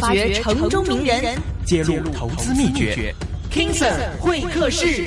發掘城中名人，揭露投資秘訣。King sir 會客室。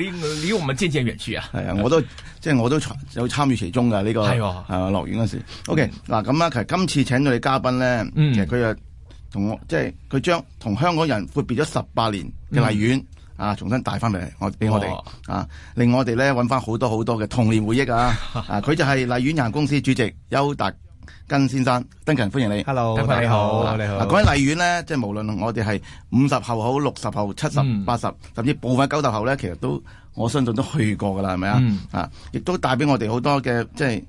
你你離、離我們漸漸遠去啊？係啊，我都即係、就是、我都有參與其中噶呢、這個係 啊，樂園嗰時。OK，嗱咁啊，其實今次請到你嘉賓咧、嗯，其實佢就同我即係佢將同香港人闊別咗十八年嘅荔園啊，重新帶翻嚟我俾我哋啊，令我哋咧揾翻好多好多嘅童年回憶啊！ 啊，佢就係荔園有限公司主席邱達。跟先生，丁勤歡迎你。Hello，丁勤你好、啊啊，你好。講起荔園咧，即係無論我哋係五十後好，六十後、七十、八十，甚至部分九十後咧，其實都我相信都去過噶啦，係咪啊？啊，亦都帶俾我哋好多嘅即係。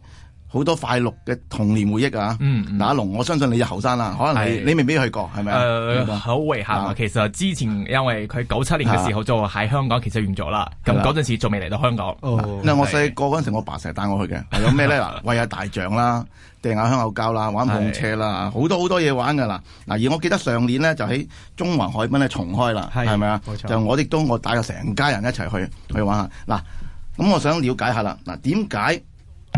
好多快樂嘅童年回憶㗎，啊，嗯，打、啊、龍，我相信你就後生啦，可能你你未必去過，係咪？好遺憾啊！其實之前因為佢九七年嘅時候就喺香港，其實完咗啦，咁嗰陣時仲未嚟到香港。嗱，哦、因為我細個嗰陣時，我爸成日帶我去嘅，係有咩咧餵下大象啦，掟 下、啊、香口膠啦，玩碰車啦，好多好多嘢玩㗎啦。嗱而我記得上年呢，就喺中環海濱咧重開啦，係咪啊？冇錯，就我亦都我帶咗成家人一齊去去玩下。嗱、啊，咁我想了解下啦，嗱點解？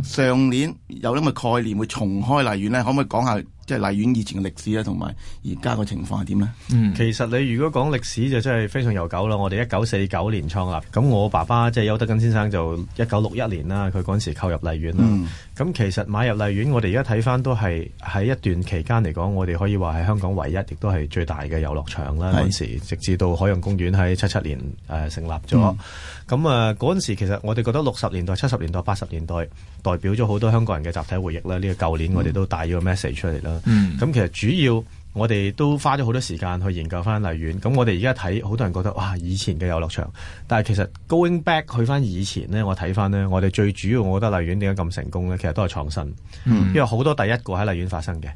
上年有咁嘅概念，會重開荔園呢？可唔可以講下即係荔園以前嘅歷史呢？同埋而家個情況係點呢？嗯，其實你如果講歷史就真係非常悠久啦。我哋一九四九年創立，咁我爸爸即係邱德根先生就一九六一年啦，佢嗰陣時購入荔園啦。嗯咁其實買入荔園，我哋而家睇返都係喺一段期間嚟講，我哋可以話係香港唯一，亦都係最大嘅遊樂場啦。嗰陣時，直至到海洋公園喺七七年誒、呃、成立咗，咁啊嗰陣時其實我哋覺得六十年代、七十年代、八十年代代表咗好多香港人嘅集體回憶啦。呢、這個舊年我哋都帶咗個 message 出嚟啦。咁、嗯、其實主要。我哋都花咗好多時間去研究翻荔園。咁我哋而家睇，好多人覺得哇，以前嘅遊樂場。但係其實 going back 去翻以前呢，我睇翻呢，我哋最主要，我覺得荔園點解咁成功呢？其實都係創新，嗯、因為好多第一個喺荔園發生嘅、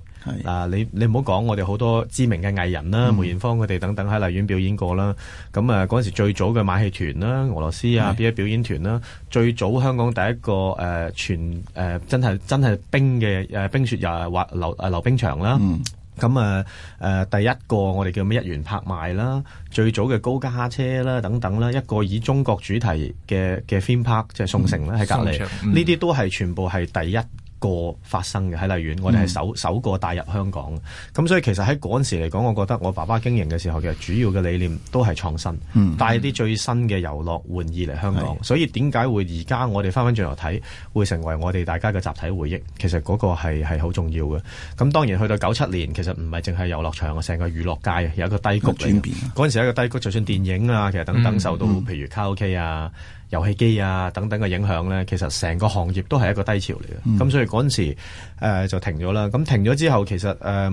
啊、你你唔好講，我哋好多知名嘅藝人啦，梅、嗯、豔芳佢哋等等喺荔園表演過啦。咁啊嗰陣時最早嘅馬戲團啦，俄羅斯啊邊一表演團啦，最早香港第一個誒、呃、全誒、呃、真係真係冰嘅冰雪遊滑溜溜冰場啦。嗯咁啊，誒、呃、第一個我哋叫咩一元拍賣啦，最早嘅高價車啦，等等啦，一個以中國主題嘅嘅 theme park 即係宋城啦，喺、嗯、隔籬呢啲都係全部係第一。個發生嘅喺荔園，我哋係首、嗯、首個帶入香港，咁所以其實喺嗰陣時嚟講，我覺得我爸爸經營嘅時候，其實主要嘅理念都係創新，帶、嗯、啲最新嘅遊樂玩意嚟香港。所以點解會而家我哋翻翻轉頭睇，會成為我哋大家嘅集體回憶？其實嗰個係係好重要嘅。咁當然去到九七年，其實唔係淨係遊樂場啊，成個娛樂界有一個低谷嚟。轉變嗰陣時一個低谷、嗯時有一個低谷嗯，就算電影啊，其實等等受到，譬、嗯嗯、如卡拉 OK 啊。遊戲機啊等等嘅影響咧，其實成個行業都係一個低潮嚟嘅，咁、嗯、所以嗰陣時、呃、就停咗啦。咁停咗之後，其實誒、呃、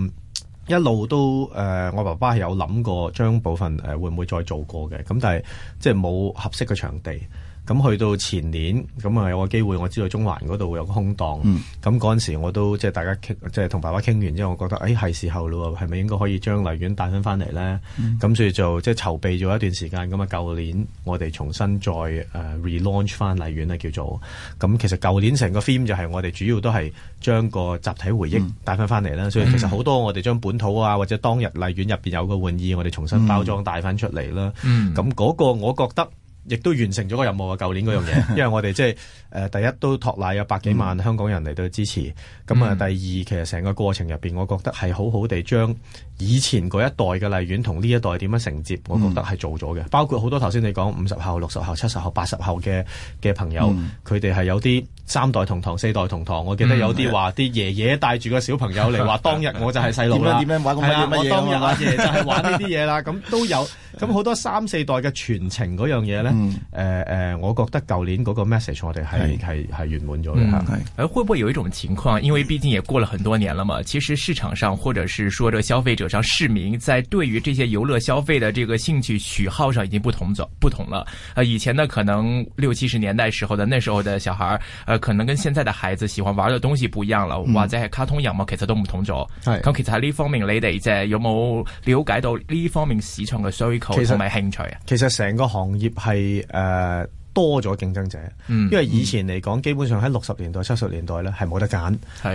一路都誒、呃、我爸爸係有諗過將部分誒、呃、會唔會再做過嘅，咁但係即係冇合適嘅場地。咁去到前年，咁啊有個機會，我知道中環嗰度會有個空檔。咁、嗯、嗰陣時，我都即係大家傾，即係同爸爸傾完之後，我覺得誒係、哎、時候喇喎，係咪應該可以將麗園帶翻翻嚟咧？咁、嗯、所以就即係籌備咗一段時間。咁啊，舊年我哋重新再、uh, re-launch 翻麗園啊，叫做咁。其實舊年成個 theme 就係我哋主要都係將個集體回憶帶翻翻嚟啦。所以其實好多我哋將本土啊，或者當日麗園入邊有個玩意，我哋重新包裝帶翻出嚟啦。咁、嗯、嗰、那個我覺得。亦都完成咗個任務啊！舊年嗰樣嘢，因為我哋即係誒、呃、第一都托賴有百幾萬香港人嚟到支持，咁、嗯、啊第二其實成個過程入面，我覺得係好好地將以前嗰一代嘅荔園同呢一代點樣承接、嗯，我覺得係做咗嘅。包括好多頭先你講五十後、六十後、七十後、八十後嘅嘅朋友，佢哋係有啲三代同堂、四代同堂。我記得有啲話啲爺爺帶住個小朋友嚟，話當日我就係細路啦。點樣玩咁乜嘢乜嘢㗎，當日阿、啊、爺就係玩呢啲嘢啦，咁 都有。咁、嗯、好多三四代嘅全程嗰樣嘢咧，誒、嗯、誒、呃呃、我覺得舊年嗰個 message 我哋係係係圓滿咗嘅嚇。誒、嗯呃、會唔會有一種情況，因為畢竟也過了很多年了嘛。其實市場上，或者是說這消費者上市民，在對於這些遊樂消費的這個興趣喜好上已經不同咗，不同了。啊、呃，以前呢可能六七十年代時候的，那時候的小孩，呃，可能跟現在的孩子喜歡玩的東西不一樣了。哇、嗯，在、嗯、卡通人物其實都唔同咗。係咁其實喺呢方面，你哋即有冇了解到呢方面市場嘅需求？所其實咪興趣啊！其實成個行業係誒、呃、多咗競爭者、嗯，因為以前嚟講、嗯，基本上喺六十年代、七十年代咧，係冇得揀。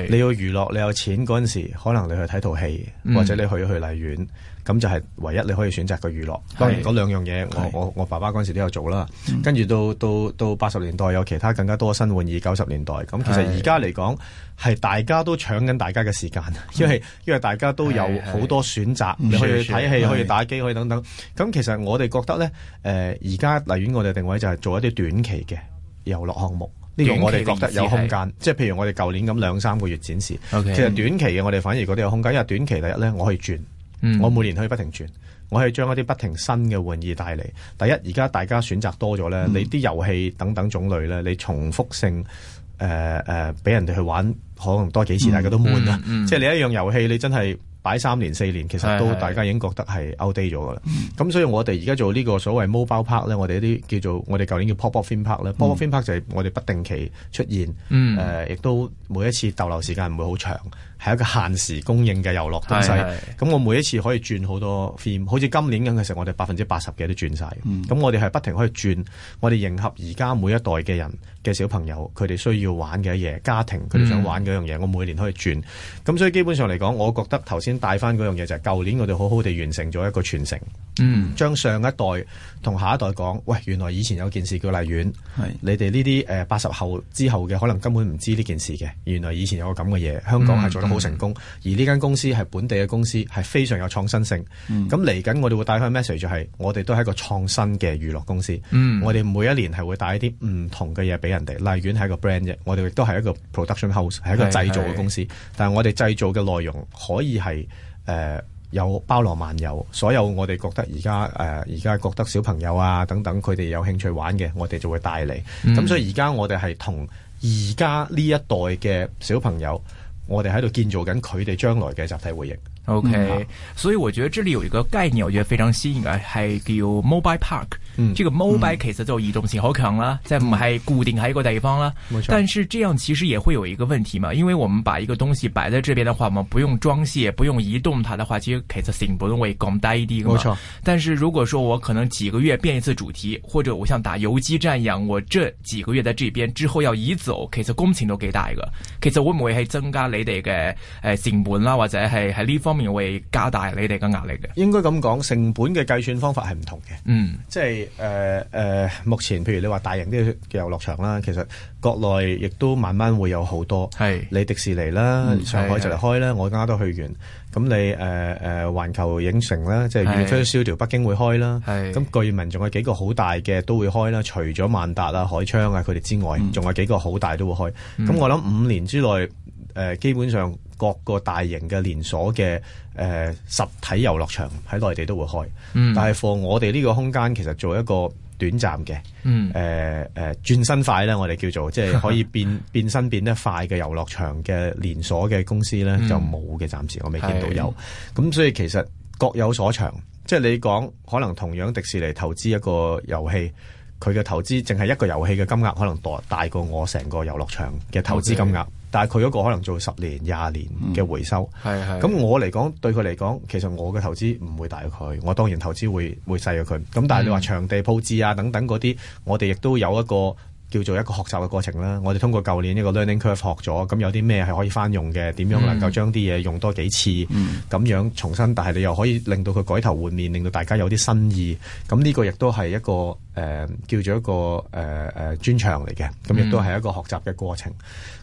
你要娛樂，你有錢嗰陣時候，可能你去睇套戲，或者你去去荔園。咁就係唯一你可以選擇嘅娛樂。當然嗰兩樣嘢，我我我爸爸嗰陣時都有做啦。跟、嗯、住到到到八十年代有其他更加多新玩意。九十年代咁，其實而家嚟講係大家都搶緊大家嘅時間，因、嗯、為因為大家都有好多選擇，可以睇戲，戲，可以打機，可以等等。咁其實我哋覺得呢，誒而家荔園我哋定位就係做一啲短期嘅遊樂項目，呢、這個我哋覺得有空間。即係譬如我哋舊年咁兩三個月展示，okay, 其實短期嘅我哋反而覺得有空間，因為短期第一呢，我可以轉。嗯、我每年可以不停轉，我係將一啲不停新嘅玩意帶嚟。第一，而家大家選擇多咗咧、嗯，你啲遊戲等等種類咧，你重複性誒誒，俾、呃呃、人哋去玩可能多幾次，嗯、大家都悶啦、嗯嗯。即係你一樣遊戲，你真係擺三年四年，其實都大家已經覺得係 outdate 咗噶啦。咁、嗯、所以我哋而家做呢個所謂 mobile park 咧，我哋一啲叫做我哋舊年叫 pop up theme park 咧、嗯，pop up theme park 就係我哋不定期出現，誒、嗯呃，亦都每一次逗留時間唔會好長。係一個限時供應嘅遊樂東西，咁我每一次可以轉好多 film，好似今年咁嘅時候，我哋百分之八十嘅都轉晒。咁、嗯、我哋係不停可以轉，我哋迎合而家每一代嘅人嘅小朋友，佢哋需要玩嘅嘢，家庭佢哋想玩嗰樣嘢，嗯、我每年可以轉。咁所以基本上嚟講，我覺得頭先帶翻嗰樣嘢就係、是、舊年我哋好好地完成咗一個傳承，將、嗯、上一代同下一代講，喂，原來以前有件事叫荔園，你哋呢啲誒八十後之後嘅，可能根本唔知呢件事嘅，原來以前有個咁嘅嘢，香港係做、嗯。好、嗯、成功，而呢間公司係本地嘅公司，係非常有創新性。咁嚟緊，我哋會帶開 message 係，我哋都係一個創新嘅娛樂公司。嗯、我哋每一年係會帶一啲唔同嘅嘢俾人哋。例如係一個 brand 嘅，我哋亦都係一個 production house，係一個製造嘅公司。是是但係我哋製造嘅內容可以係誒、呃、有包羅萬有，所有我哋覺得而家誒而家覺得小朋友啊等等，佢哋有興趣玩嘅，我哋就會帶你。咁、嗯、所以而家我哋係同而家呢一代嘅小朋友。我哋喺度建造緊佢哋將來嘅集體回憶。O、okay, K，、嗯、所以我覺得這裡有一個概念，我覺得非常吸引，係叫 Mobile Park。嗯，這個 mobile 其實就移動性好強啦，即唔係固定喺一個地方啦。冇錯。但是這樣其實也會有一個問題嘛，因爲我們把一個東西擺在這邊的話，我們不用裝卸，不用移動它的話，其實其實成本會降低啲嘛。冇錯。但是如果說我可能幾個月變一次主題，或者我像打游擊戰一樣，我這幾個月在這邊之後要移走，其實工程都幾大嘅。其實會唔會係增加你哋嘅誒，成本啦，或者係喺呢方面會加大你哋嘅壓力嘅？應該咁講，成本嘅計算方法係唔同嘅。嗯，即係。誒、呃、誒、呃，目前譬如你話大型啲嘅遊樂場啦，其實國內亦都慢慢會有好多。係你迪士尼啦、嗯，上海就嚟開啦，我而家都去完。咁你誒誒、呃呃、環球影城啦，即係月初燒掉，北京會開啦。係，咁，據聞仲有幾個好大嘅都會開啦，除咗萬達啊、海昌啊佢哋之外，仲、嗯、有幾個好大都會開。咁、嗯、我諗五年之內，誒、呃、基本上。各個大型嘅連鎖嘅誒實體遊樂場喺內地都會開，嗯、但係放我哋呢個空間，其實做一個短暫嘅誒誒轉身快咧，我哋叫做即係可以變 變身變得快嘅遊樂場嘅連鎖嘅公司咧，就冇嘅暫時我未見到有。咁所以其實各有所長，即係你講可能同樣迪士尼投資一個遊戲，佢嘅投資淨係一個遊戲嘅金額，可能大大過我成個遊樂場嘅投資金額。Okay. 但係佢嗰個可能做十年、廿年嘅回收，咁、嗯、我嚟講對佢嚟講，其實我嘅投資唔會大過佢，我當然投資會會細過佢。咁但係你話場地鋪置啊等等嗰啲，我哋亦都有一個。叫做一個學習嘅過程啦，我哋通過舊年呢個 learning curve 學咗，咁有啲咩係可以翻用嘅，點樣能夠將啲嘢用多幾次，咁、嗯嗯、樣重新，但係你又可以令到佢改頭換面，令到大家有啲新意，咁呢個亦都係一個誒、呃、叫做一個誒誒專長嚟嘅，咁亦都係一個學習嘅過程，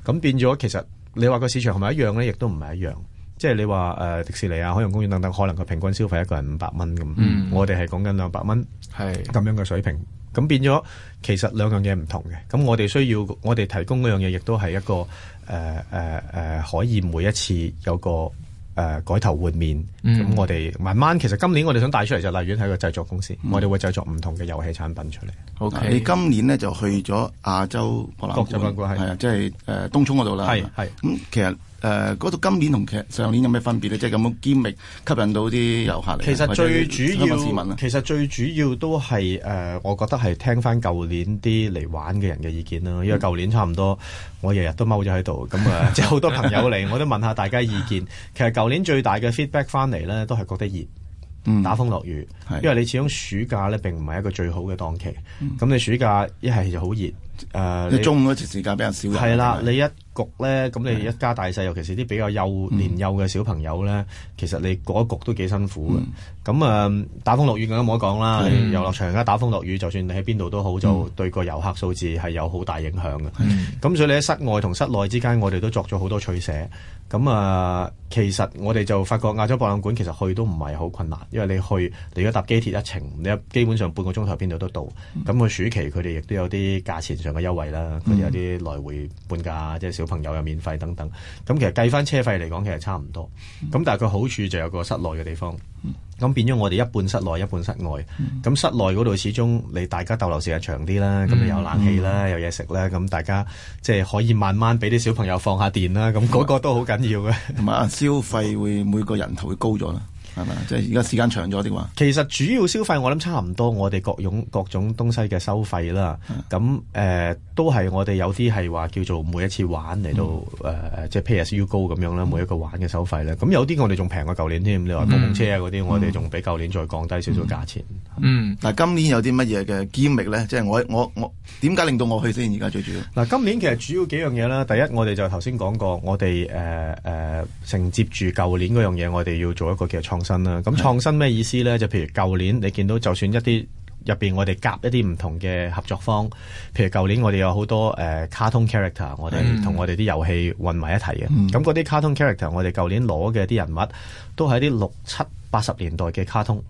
咁、嗯、變咗其實你話個市場係咪一樣呢？亦都唔係一樣。即係你話誒迪士尼啊海洋公園等等，可能佢平均消費一個人五百蚊咁，我哋係講緊兩百蚊係咁樣嘅水平。咁變咗，其實兩樣嘢唔同嘅。咁我哋需要我哋提供嗰樣嘢，亦都係一個誒誒誒，可以每一次有個誒、呃、改頭換面。咁、嗯、我哋慢慢，其實今年我哋想帶出嚟就例如喺個製作公司，嗯、我哋會製作唔同嘅遊戲產品出嚟。O、okay, K，你今年咧就去咗亞洲，博覽，係係啊，即係誒東涌嗰度啦。係係咁，其實。嗰、呃、度今年同其實上年有咩分別咧？即係咁樣堅力吸引到啲遊客嚟，其實最主要，其實最主要都係誒、呃，我覺得係聽翻舊年啲嚟玩嘅人嘅意見啦。因為舊年差唔多我天天，我日日都踎咗喺度，咁啊，即係好多朋友嚟，我都問下大家意見。 其實舊年最大嘅 feedback 翻嚟咧，都係覺得熱，嗯、打風落雨，因為你始終暑假咧並唔係一個最好嘅檔期。咁、嗯、你暑假一係就好熱。呃、你中午嗰時時間比較少。係啦，你一局咧，咁你一家大細，尤其是啲比較幼年幼嘅小朋友咧、嗯，其實你嗰一局都幾辛苦嘅。咁、嗯、誒、嗯，打風落雨更加冇得講啦。遊樂場而家打風落雨，就算你喺邊度都好，就、嗯、對個遊客數字係有好大影響嘅。咁所以你喺室外同室內之間，我哋都作咗好多取捨。咁誒、呃，其實我哋就發覺亞洲博覽館其實去都唔係好困難，因為你去你如果搭機鐵一程，你基本上半個鐘頭邊度都到。咁、嗯、個暑期佢哋亦都有啲價錢。惠啦，些有啲來回半價，即、嗯、係、就是、小朋友又免費等等。咁其實計翻車費嚟講，其實差唔多。咁、嗯、但係佢好處就有個室內嘅地方。咁、嗯、變咗我哋一半室內一半室外。咁、嗯、室內嗰度始終你大家逗留時間長啲啦，咁你有冷氣啦、嗯，有嘢食啦，咁大家即係、就是、可以慢慢俾啲小朋友放下電啦。咁、那、嗰、個、個都好緊要嘅、嗯。同、嗯、埋 消費會每個人頭會高咗啦。係咪？即係而家時間長咗啲嘛？其實主要消費我諗差唔多，我哋各種各東西嘅收費啦。咁誒、嗯、都係我哋有啲係話叫做每一次玩嚟到誒，即係 P.S.U 高咁樣啦、嗯。每一個玩嘅收費啦，咁有啲我哋仲平過舊年添。你話公車車啊嗰啲，我哋仲比舊年再降低少少價錢。嗯，嗱、嗯，但今年有啲乜嘢嘅堅力咧？即係我我我點解令到我去先？而家最主要嗱，今年其實主要幾樣嘢啦。第一，我哋就頭先講過，我哋誒誒承接住舊年嗰樣嘢，我哋要做一個嘅創。新啦，咁創新咩意思咧？就譬如舊年，你見到就算一啲入邊我哋夾一啲唔同嘅合作方，譬如舊年我哋有好多誒、呃、卡通 character，我哋同、嗯、我哋啲遊戲混埋一齊嘅，咁嗰啲卡通 character，我哋舊年攞嘅啲人物，都係啲六七八十年代嘅卡通，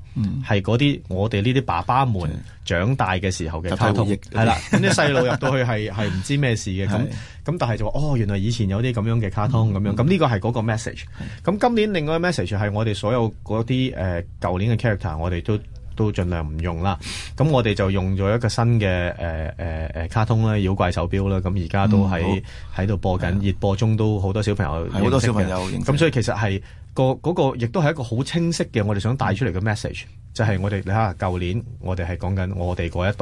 係嗰啲我哋呢啲爸爸們長大嘅時候嘅卡通，係啦。咁啲細路入到去係係唔知咩事嘅咁咁，但係就話哦，原來以前有啲咁樣嘅卡通咁、嗯、樣，咁、嗯、呢個係嗰個 message。咁今年另外嘅 message 係我哋所有嗰啲誒舊年嘅 character，我哋都都盡量唔用啦。咁我哋就用咗一個新嘅誒誒誒卡通啦，妖怪手錶啦。咁而家都喺喺度播緊，熱播中都好多小朋友，好多小朋友認識，咁所以其實係。嗰個嗰、嗰個亦都係一個好清晰嘅，我哋想帶出嚟嘅 message，就係、是、我哋你睇下舊年我哋係講緊我哋嗰一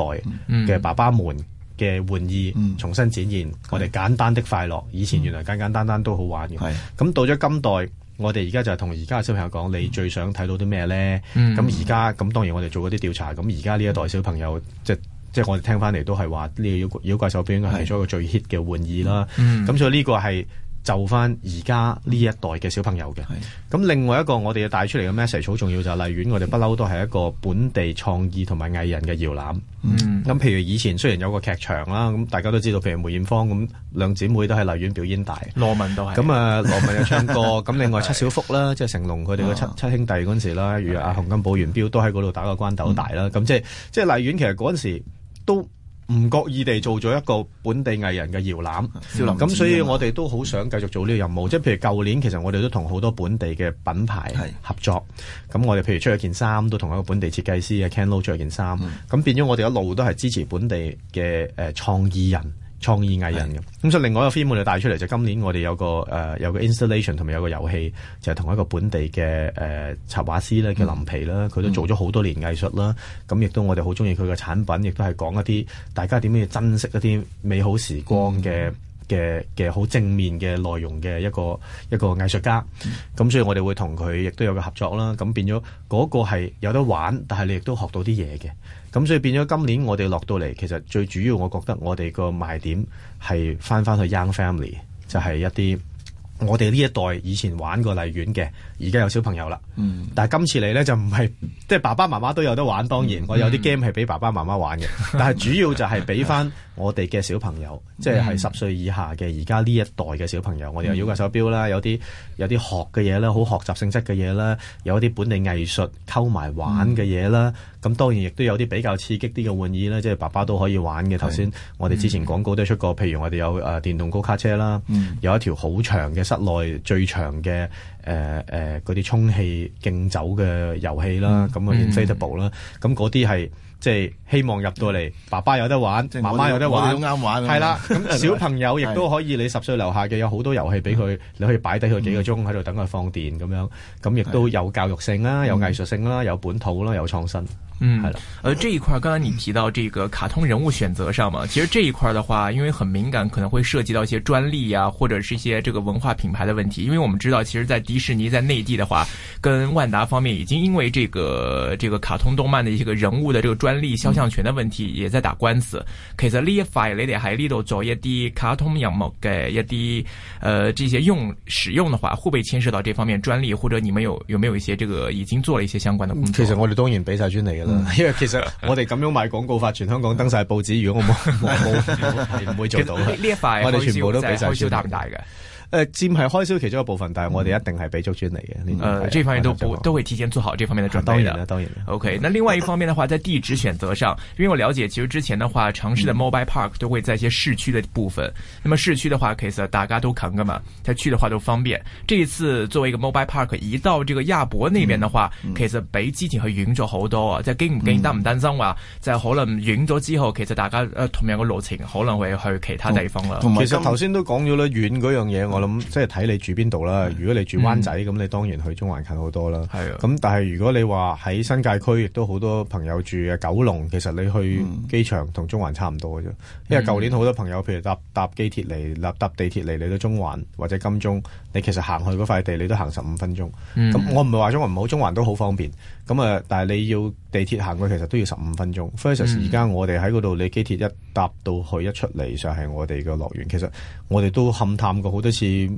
代嘅爸爸們嘅玩意、嗯，重新展現、嗯、我哋簡單的快樂、嗯。以前原來簡簡單單都好玩嘅，咁、嗯、到咗今代，我哋而家就係同而家嘅小朋友講、嗯，你最想睇到啲咩呢？嗯，咁而家咁當然我哋做嗰啲調查，咁而家呢一代小朋友、嗯、即係我哋聽翻嚟都係話，呢、呢個妖怪手錶應該係咗一個最 hit 嘅玩意啦。咁、嗯、所以呢個係。就翻而家呢一代嘅小朋友嘅，咁另外一個我哋要帶出嚟嘅 message 好重要就係荔園。我哋不嬲都係一個本地創意同埋藝人嘅搖籃。咁、嗯、譬如以前雖然有個劇場啦，咁大家都知道，譬如梅艷芳咁兩姊妹都喺荔園表演大，羅文都係。咁啊， 羅文有唱歌，咁另外七小福啦， 即係成龍佢哋嘅七、哦、七兄弟嗰陣時啦，如阿、啊、洪金寶、元彪、嗯、都喺嗰度打過關鬥大啦。咁、嗯、即係即係荔園其實嗰陣時都。唔覺意地做咗一個本地藝人嘅搖籃，咁、嗯、所以我哋都好想繼續做呢個任務。即、嗯、係譬如舊年，其實我哋都同好多本地嘅品牌合作。咁我哋譬如出咗件衫，都同一個本地設計師啊 Ken Lo 著件衫。咁、嗯、變咗我哋一路都係支持本地嘅誒、呃、創意人。創意藝人嘅，咁所以另外一個 film 我哋帶出嚟，就今年我哋有個、呃、有個 installation 同埋有個遊戲，就係、是、同一個本地嘅策、呃、插畫師咧叫林皮啦，佢、嗯、都做咗好多年藝術啦，咁、嗯、亦都我哋好中意佢嘅產品，亦都係講一啲大家點樣去珍惜一啲美好時光嘅、嗯。嗯嘅嘅好正面嘅內容嘅一個一個藝術家，咁所以我哋會同佢亦都有個合作啦。咁變咗嗰個係有得玩，但係你亦都學到啲嘢嘅。咁所以變咗今年我哋落到嚟，其實最主要我覺得我哋個賣點係返返去 Young Family，就係一啲。我哋呢一代以前玩過荔園嘅，而家有小朋友啦。嗯，但係今次嚟呢，就唔係，即係爸爸媽媽都有得玩。當然，嗯、我有啲 game 係俾爸爸媽媽玩嘅、嗯，但係主要就係俾翻我哋嘅小朋友，嗯、即係十歲以下嘅。而家呢一代嘅小朋友，我哋有妖怪手錶啦，嗯、有啲有啲學嘅嘢啦，好學習性質嘅嘢啦，有啲本地藝術溝埋玩嘅嘢啦。咁當然亦都有啲比較刺激啲嘅玩意啦，即、就、係、是、爸爸都可以玩嘅。頭先我哋之前廣告都出過，譬、嗯、如我哋有誒電動高卡車啦、嗯，有一條好長嘅室內、嗯、最長嘅誒誒嗰啲充氣競走嘅遊戲啦，咁啊 inflatable 啦，咁嗰啲係即係希望入到嚟、嗯，爸爸有得玩，媽媽有得玩，都啱玩。係啦，咁小朋友亦都可以， 你十歲樓下嘅有好多遊戲俾佢，你可以擺低佢幾個鐘喺度等佢放電咁樣，咁亦都有教育性啦，有藝術性啦、嗯，有本土啦，有創新。 嗯，呃，這一塊剛才你提到這個卡通人物選擇上嘛，其實這一塊的話，因為很敏感，可能會涉及到一些專利呀、啊，或者是一些這個文化品牌的問題。因為我們知道，其實，在迪士尼在內地的話，跟萬達方面已經因為這個這個卡通動漫的一些個人物的這個專利肖像權的問題，也在打官司。其實，呢，發咧哋還呢度做一啲卡通人物嘅一啲，呃，這些用使用的話，會唔會牽涉到這方面專利，或者你們有有沒有一些這個已經做了一些相關的工作？其實我哋當然俾晒專利嗯、因為其實我哋咁樣賣廣告法 全香港登晒報紙，如果我冇冇係唔會做到嘅。呢一塊我哋全部都俾晒，開銷太大嘅。誒、呃，佔係開銷其中一部分，但係我哋一定係俾足住你嘅。誒、嗯，這方面都都會提前做好這方面嘅準備、啊。當然啦，當然。OK，、嗯、那另外一方面嘅話，在地址選擇上，因為我了解，其實之前嘅話，城市的 mobile park 都會在一些市區嘅部分。那麼市區嘅話，其實大家都近㗎嘛，佢去嘅話都方便。這一次作為一個 mobile park，移到這個亞博那邊嘅話、嗯，其實比之前去遠咗好多。嗯、啊。即係驚唔驚、擔唔擔心話，就可能遠咗之後，其實大家誒、呃、同樣嘅路程可能會去其他地方啦。同、嗯、埋，其實頭先都講咗啦，遠嗰樣嘢我。咁即係睇你住邊度啦。如果你住灣仔，咁、嗯、你當然去中環近好多啦。係啊。咁但係如果你話喺新界區，亦都好多朋友住九龍，其實你去機場同中環差唔多嘅啫、嗯。因為舊年好多朋友，譬如搭搭機鐵嚟，搭搭地鐵嚟，嚟到中環或者金鐘。你其實行去嗰塊地，你都行十五分鐘。咁、嗯、我唔係話中環唔好，中環都好方便。咁啊，但係你要地鐵行去，其實都要十五分鐘。Versus，而家我哋喺嗰度，你機鐵一搭到去，一出嚟就係我哋嘅樂園。其實我哋都勘探過好多次，即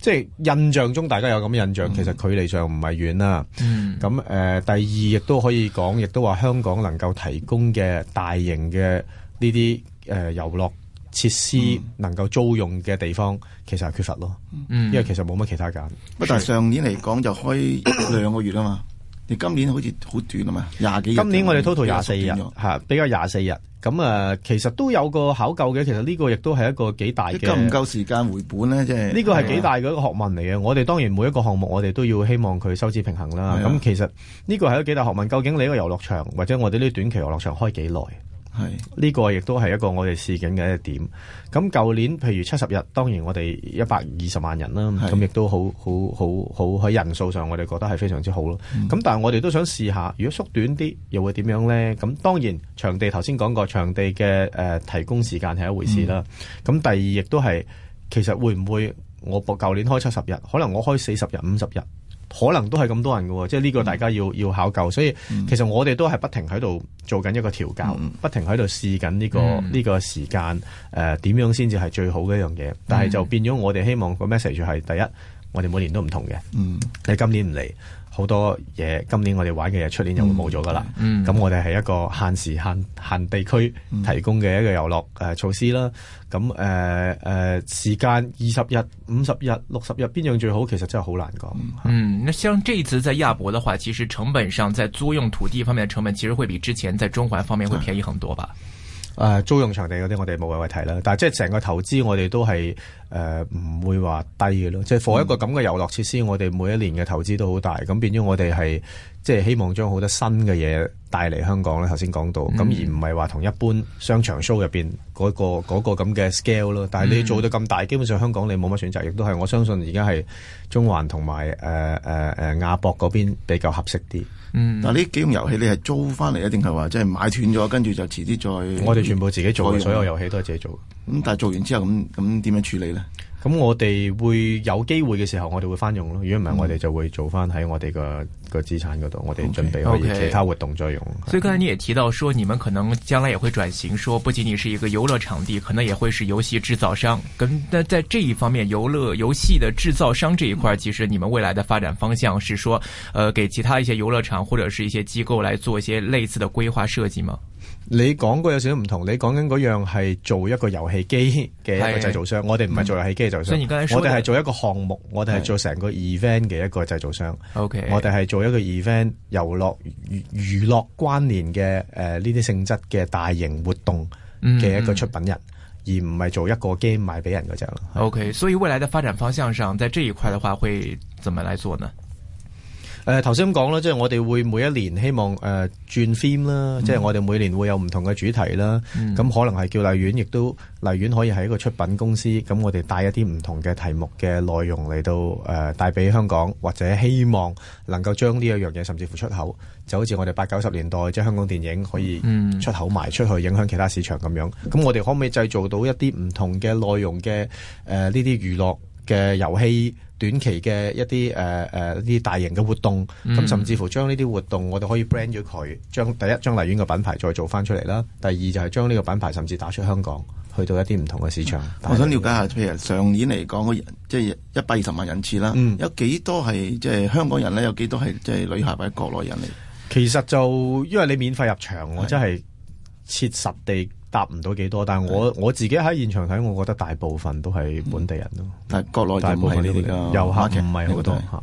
係印象中大家有咁嘅印象、嗯，其實距離上唔係遠啦。咁、嗯呃、第二亦都可以講，亦都話香港能夠提供嘅大型嘅呢啲誒遊樂呃設施能夠租用嘅地方，嗯、其實係缺乏咯、嗯，因為其實冇乜其他揀。不過上年嚟講就開兩個月啊嘛，你 今年好似好短啊嘛，廿幾，今年我哋 total 廿四日。吓，比較廿四日。咁啊、嗯，其實都有一個考究嘅。其實呢個亦都係一個幾大嘅，夠唔夠時間回本咧？即係呢個係幾大嘅一個學問嚟嘅、啊。我哋當然每一個項目，我哋都要希望佢收支平衡啦。咁、啊嗯、其實呢個係一個幾大學問。究竟你個遊樂場或者我哋啲短期遊樂場開幾耐？呢、這個亦都係一個我哋試緊嘅一點。咁舊年譬如七十日，當然我哋一百二十萬人啦，咁亦都好好好好喺人數上，我哋覺得係非常之好咯。咁、嗯、但係我哋都想試下，如果縮短啲又會點樣呢？咁當然場地頭先講過，場地嘅、呃、提供時間係一回事啦。咁、嗯、第二亦都係其實會唔會我博舊年開七十日，可能我開四十日五十日。可能都係咁多人嘅，即係呢個大家要、嗯、要考究，所以其實我哋都係不停喺度做緊一個調教，嗯、不停喺度試緊、呢、呢個呢、呢個時間，誒、嗯、點、呃、樣先至係最好嘅一樣嘢，但係就變咗我哋希望個 message 係第一。我哋每年都唔同嘅，你、嗯、今年唔嚟，好多嘢。今年我哋玩嘅嘢，出年又會冇咗噶啦。咁、嗯、我哋係一個限時限、限限地區提供嘅一個遊樂誒措施啦。咁誒誒，時間二十日、五十日、六十日，邊樣最好？其實真係好難講。嗯，那像這一次在亞博嘅話，其實成本上在租用土地方面嘅成本，其實會比之前在中環方面會便宜很多吧？誒、啊，租用場地嗰啲我哋冇位位提啦，但係即係成個投資我哋都係。誒、呃、唔會話低嘅咯，即係放一個咁嘅遊樂設施，嗯、我哋每一年嘅投資都好大，咁變咗我哋係即係希望將好多新嘅嘢帶嚟香港咧。頭先講到，咁、嗯、而唔係話同一般商場 show 入邊嗰個嗰、嗰個咁嘅 scale 咯。但係你做到咁大，基本上香港你冇乜選擇，亦都係我相信而家係中環同埋誒誒誒亞博嗰邊比較合適啲。嗯，但呢幾種遊戲你係租翻嚟一定係話即係買斷咗，跟住就遲啲再？我哋全部自己做，所有遊戲都係自己做。咁、嗯、但係做完之後咁咁點樣處理咧？咁我哋會有機會嘅時候，我哋會翻用咯。如果唔係，我哋就會做翻喺我哋個個資產嗰度，我哋準備好其他活動再用 okay, okay。所以剛才你也提到說，你們可能將來也會轉型，說不僅僅是一個遊樂場地，可能也會是遊戲製造商。咁但在這一方面，遊樂遊戲的製造商這一塊，其實你們未來的發展方向是說，呃，給其他一些遊樂場或者是一些機構來做一些類似的規劃設計嗎？你講過有少少唔同，你講緊嗰樣係做一個遊戲機嘅一個製造商，我哋唔係做遊戲機嘅製造商，嗯、我哋係做一個項目，我哋係做成個 event 嘅一個製造商。O K，我哋係做一個 event 遊樂娛樂關聯嘅誒呢啲性質嘅大型活動嘅一個出品人，嗯嗯而唔係做一個 game 賣俾人嗰隻咯。OK，所以未來嘅發展方向上，在這一塊嘅話，會怎麼來做呢？誒、呃，頭先講講啦，即係我哋會每一年希望誒、呃、轉 theme 啦，嗯、即係我哋每年會有唔同嘅主題啦，咁、嗯、可能係叫荔園，亦都荔園可以係一個出品公司，咁我哋帶一啲唔同嘅題目嘅內容嚟到誒、呃、帶俾香港，或者希望能夠將呢一樣嘢甚至乎出口，就好似我哋八九十年代即係香港電影可以出口埋、嗯、出去，影響其他市場咁樣。咁我哋可唔可以製造到一啲唔同嘅內容嘅誒呢啲娛樂嘅遊戲，短期嘅一啲一啲大型嘅活動，咁、嗯、甚至乎將呢啲活動我哋可以 brand 咗佢，將第一將荔園嘅品牌再做翻出嚟啦。第二就係、是、將呢個品牌甚至打出香港，去到一啲唔同嘅市場。我想了解下，譬如上年嚟講即係一百二十萬人次啦、嗯，有幾多係即係香港人咧？有幾多係即係旅客或者國內人嚟？其實就因為你免費入場喎，真係切實地。答唔到幾多，但係我我自己喺現場睇，我覺得大部分都係本地人咯，但係國內人呢啲啊、遊客唔係好多吓。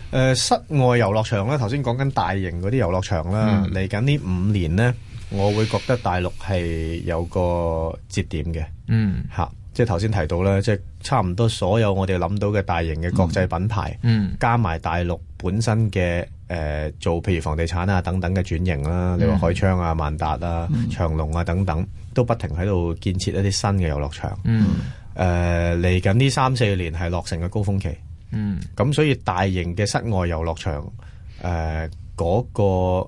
誒、呃，室外遊樂場咧，頭先講緊大型嗰啲遊樂場啦，嚟緊呢五年呢，我會覺得大陸係有個節點嘅，吓、嗯啊，即係頭先提到啦，即係差唔多所有我哋諗到嘅大型嘅國際品牌，嗯嗯、加埋大陸本身嘅誒、呃，做譬如房地產啊等等嘅轉型啦，你、嗯、話海昌啊、萬達啊、嗯、長隆啊等等，都不停喺度建設一啲新嘅遊樂場，誒、嗯，嚟緊呢三四年係落成嘅高峰期。嗯，咁所以大型嘅室外遊樂場，誒、呃，嗰、嗰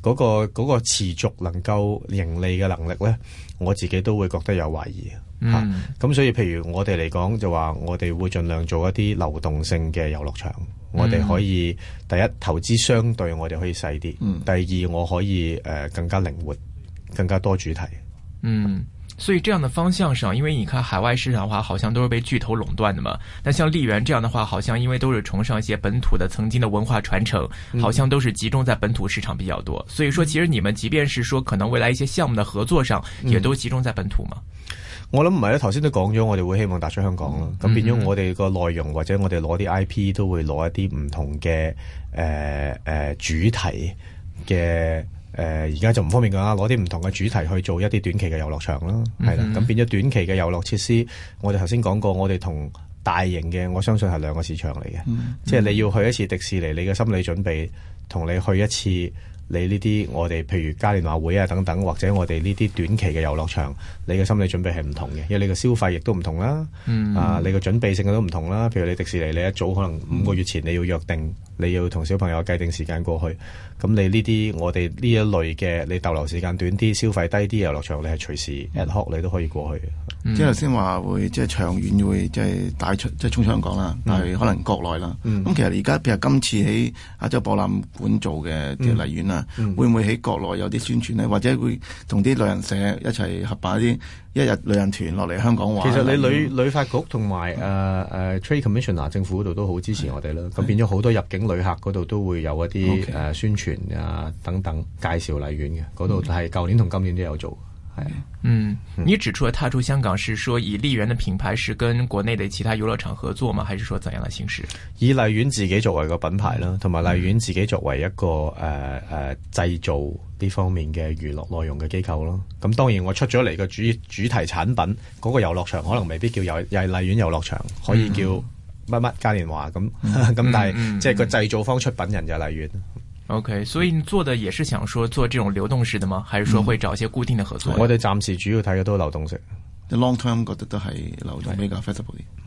個、嗰個、嗰個持續能夠盈利嘅能力呢，我自己都會覺得有懷疑。嗯，咁、啊、所以譬如我哋嚟講就話，我哋會盡量做一啲流動性嘅遊樂場，我哋可以、嗯、第一投資相對我哋可以細啲、嗯，第二我可以誒、呃、更加靈活，更加多主題。嗯。啊所以這樣的方向上，因為你看海外市場的話，好像都是被巨頭壟斷的嘛。那像荔園這樣的話，好像因為都是崇尚一些本土的曾經的文化傳承，好像都是集中在本土市場比較多。所以說，其實你們即便是說可能未來一些項目的合作上，也都集中在本土嘛。我諗唔係啦，頭先都講咗，我哋會希望打出香港咯。咁、嗯嗯嗯嗯、變咗我哋個內容或者我哋攞啲 IP 都會攞一啲唔同嘅誒誒主題嘅。誒而家就唔方便講啦，攞啲唔同嘅主題去做一啲短期嘅遊樂場囉，係、嗯、啦，咁變咗短期嘅遊樂設施，我哋頭先講過，我哋同大型嘅我相信係兩個市場嚟嘅、嗯，即係你要去一次迪士尼，你嘅心理準備同你去一次。你呢啲我哋譬如嘉年華會啊等等，或者我哋呢啲短期嘅遊樂場，你嘅心理準備係唔同嘅，因為你嘅消費亦都唔同啦。嗯、mm. 啊，你嘅準備性嘅都唔同啦。譬如你迪士尼，你一早可能五個月前你要約定，mm. 你要同小朋友計定時間過去。咁你呢啲我哋呢一類嘅，你逗留時間短啲、消費低啲遊樂場，你係隨時 ad hoc 你都可以過去。嗯、即係頭先話會，即係長遠會即係帶出即係沖出香港啦，嗯、但係可能國內啦。咁、嗯、其實而家譬如今次喺亞洲博覽館做嘅啲荔園啊，會唔會喺國內有啲宣傳咧？或者會同啲旅行社一齊合辦啲一,一日旅行團落嚟香港玩。其實你旅旅發局同埋誒誒 Trade Commissioner 政府嗰度都好支持我哋啦。咁變咗好多入境旅客嗰度都會有一啲誒、okay. uh, 宣傳啊、uh, 等等介紹荔園嘅。嗰度係舊年同今年都有做。係，嗯，你指出嘅踏出香港，是說以荔園的品牌是跟國內的其他遊樂場合作嗎？還是說怎樣的形式？以荔園自己作為一個品牌啦，同埋荔園自己作為一個誒誒、嗯呃、製造呢方面嘅娛樂內容嘅機構咯。咁當然，我出咗嚟嘅主主題產品，嗰、那個遊樂場可能未必叫遊，又係荔園遊樂場，可以叫乜乜嘉年華咁咁。嗯、 但係、嗯嗯、即係個製造方出品人就係荔園。OK，所以你做的也是想說做這種流動式的嗎？還是說會找一些固定的合作？嗯、我哋暫時主要睇嘅都流動式，long term 覺得都係流動比較，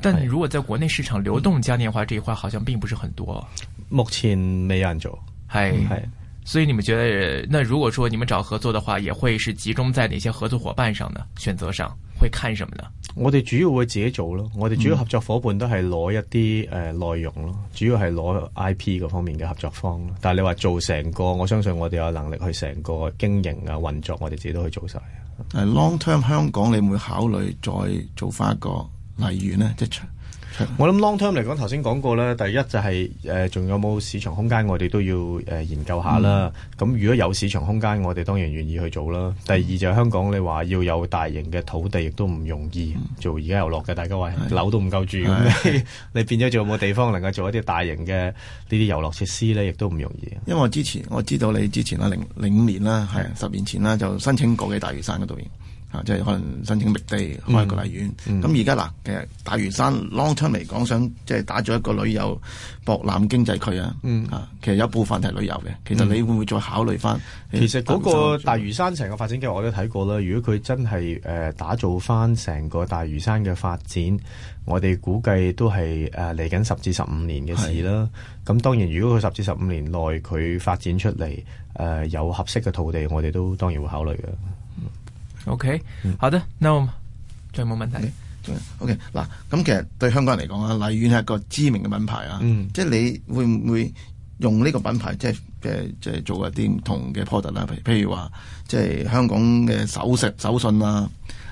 但如果在國內市場流動嘉年華、嗯、這一塊，好像並不是很多。目前未有人做，係、嗯、係。所以你們覺得，那如果說你們找合作的話，也會是集中在哪些合作伙伴上呢？選擇上會看什麼呢？我哋主要會自己做咯，我哋主要合作伙伴都係攞一啲誒內容咯，主要係攞 IP 嗰方面嘅合作方咯。但係你話做成個，我相信我哋有能力去成個經營啊運作，我哋自己都去做晒。嗯、long term 香港你會考慮再做翻一個荔園呢？即、就是我諗 long term 嚟講，頭先講過啦。第一就係、是、誒，仲、呃、有冇市場空間，我哋都要誒、呃、研究下啦。咁、嗯、如果有市場空間，我哋當然願意去做啦。第二就係香港，你話要有大型嘅土地，亦都唔容易、嗯、做而家遊樂嘅。大家話樓都唔夠住，咁你，你變咗做冇地方能夠做一啲大型嘅呢啲遊樂設施咧，亦都唔容易。因為我之前我知道你之前啊零零五年啦，係十年前啦，就申請過嘅大嶼山嗰度。即係可能申請覓地開一個荔園。咁而家嗱，其實大嶼山 long term 嚟講，想即係打造一個旅遊博覽經濟區啊。啊、嗯，其實有部分係旅遊嘅。其實你會唔會再考慮翻、嗯？其實嗰個大嶼山成個發展計劃我都睇過啦。如果佢真係誒打造翻成個大嶼山嘅發，發展，我哋估計都係誒嚟緊十至十五年嘅事啦。咁當然，如果佢十至十五年內佢發展出嚟誒有合適嘅土地，我哋都當然會考慮嘅。O、okay, K，、嗯、好的，no，仲有冇問題？仲有，O K，嗱，咁其實對香港人嚟講啊，荔園係一個知名嘅品牌啊、嗯，即係你會唔會用呢個品牌，即係，誒，即係做一啲唔同嘅 product 啦，譬譬如話，即係香港嘅首飾、手信啊。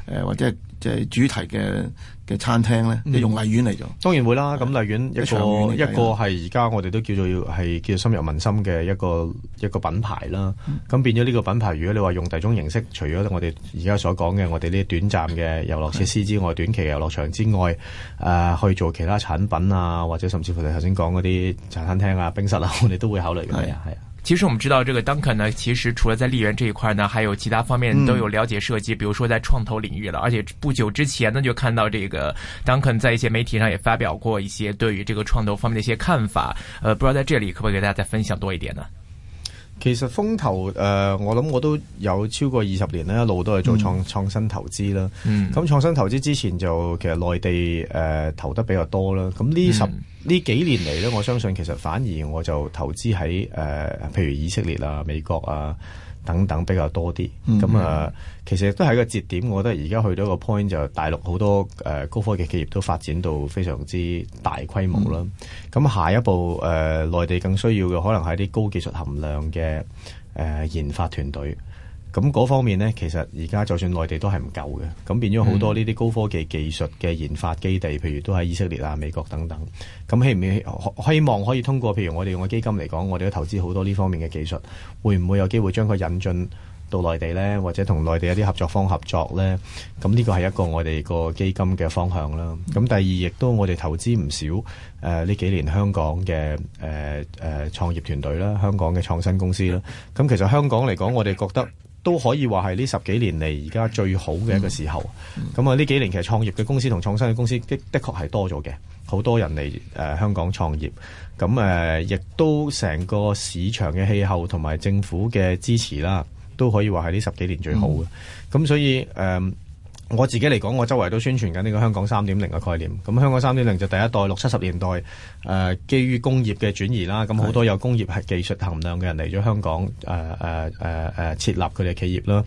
誒，或者係即係主題嘅嘅餐廳咧、嗯，用荔園嚟做，當然會啦。咁荔園一個一個係而家我哋都叫做要係叫深入民心嘅一個一個品牌啦。咁、嗯、變咗呢個品牌，如果你話用第二種形式，除咗我哋而家所講嘅我哋呢啲短暫嘅遊樂設施之外，短期遊樂場之外，誒、呃，去做其他產品啊，或者甚至乎頭先講嗰啲茶餐廳啊、冰室啊，我哋都會考慮嘅。係啊，係啊。其實我們知道，這個 Duncan 呢，其實除了在荔園這一塊呢，還有其他方面都有了解設計、嗯、比如說在創投領域啦，而且不久之前呢，就看到這個 Duncan 在一些媒體上也發表過一些對於這個創投方面的一些看法。呃，不知道在這裏可不可以給大家再分享多一點呢？其實風投呃，我諗我都有超過二十年呢，一路都係做創創、嗯、新投資啦。嗯，咁創新投資之前就其實內地呃，投得比較多啦。咁呢十。嗯嗯呢幾年嚟呢，我相信其實反而我就投資喺誒，譬如以色列啊、美國啊等等比較多啲。咁、mm-hmm. 啊、嗯，其實亦都係一個節點。我覺得而家去到一個 point 就大陸好多誒、呃、高科技企業都發展到非常之大規模啦。咁、mm-hmm. 嗯、下一步誒，內、呃、地更需要嘅可能係啲高技術含量嘅誒、呃、研發團隊。咁嗰方面呢，其實而家就算內地都係唔夠嘅，咁變咗好多呢啲高科技技術嘅研發基地，譬如都喺以色列啊、美國等等。咁希唔希望可以通過譬如我哋用個基金嚟講，我哋都投資好多呢方面嘅技術，會唔會有機會將佢引進到內地呢？或者同內地一啲合作方合作呢？咁呢個係一個我哋個基金嘅方向啦。咁第二，亦都我哋投資唔少誒呢、呃、幾年香港嘅誒誒創業團隊啦，香港嘅創新公司啦。咁其實香港嚟講，我哋覺得，都可以話係呢十幾年嚟而家最好嘅一個時候，咁啊呢幾年其實創業嘅公司同創新嘅公司的的確係多咗嘅，好多人嚟、呃、香港創業，咁、嗯、亦、呃、都成個市場嘅氣候同埋政府嘅支持啦，都可以話係呢十幾年最好嘅，咁、嗯、所以誒。呃我自己嚟講，我周圍都宣傳緊呢個香港三點零嘅概念。咁香港三點零就第一代六七十年代誒，基於工業嘅轉移啦，咁好多有工業係技術含量嘅人嚟咗香港誒誒誒誒設立佢哋企業啦。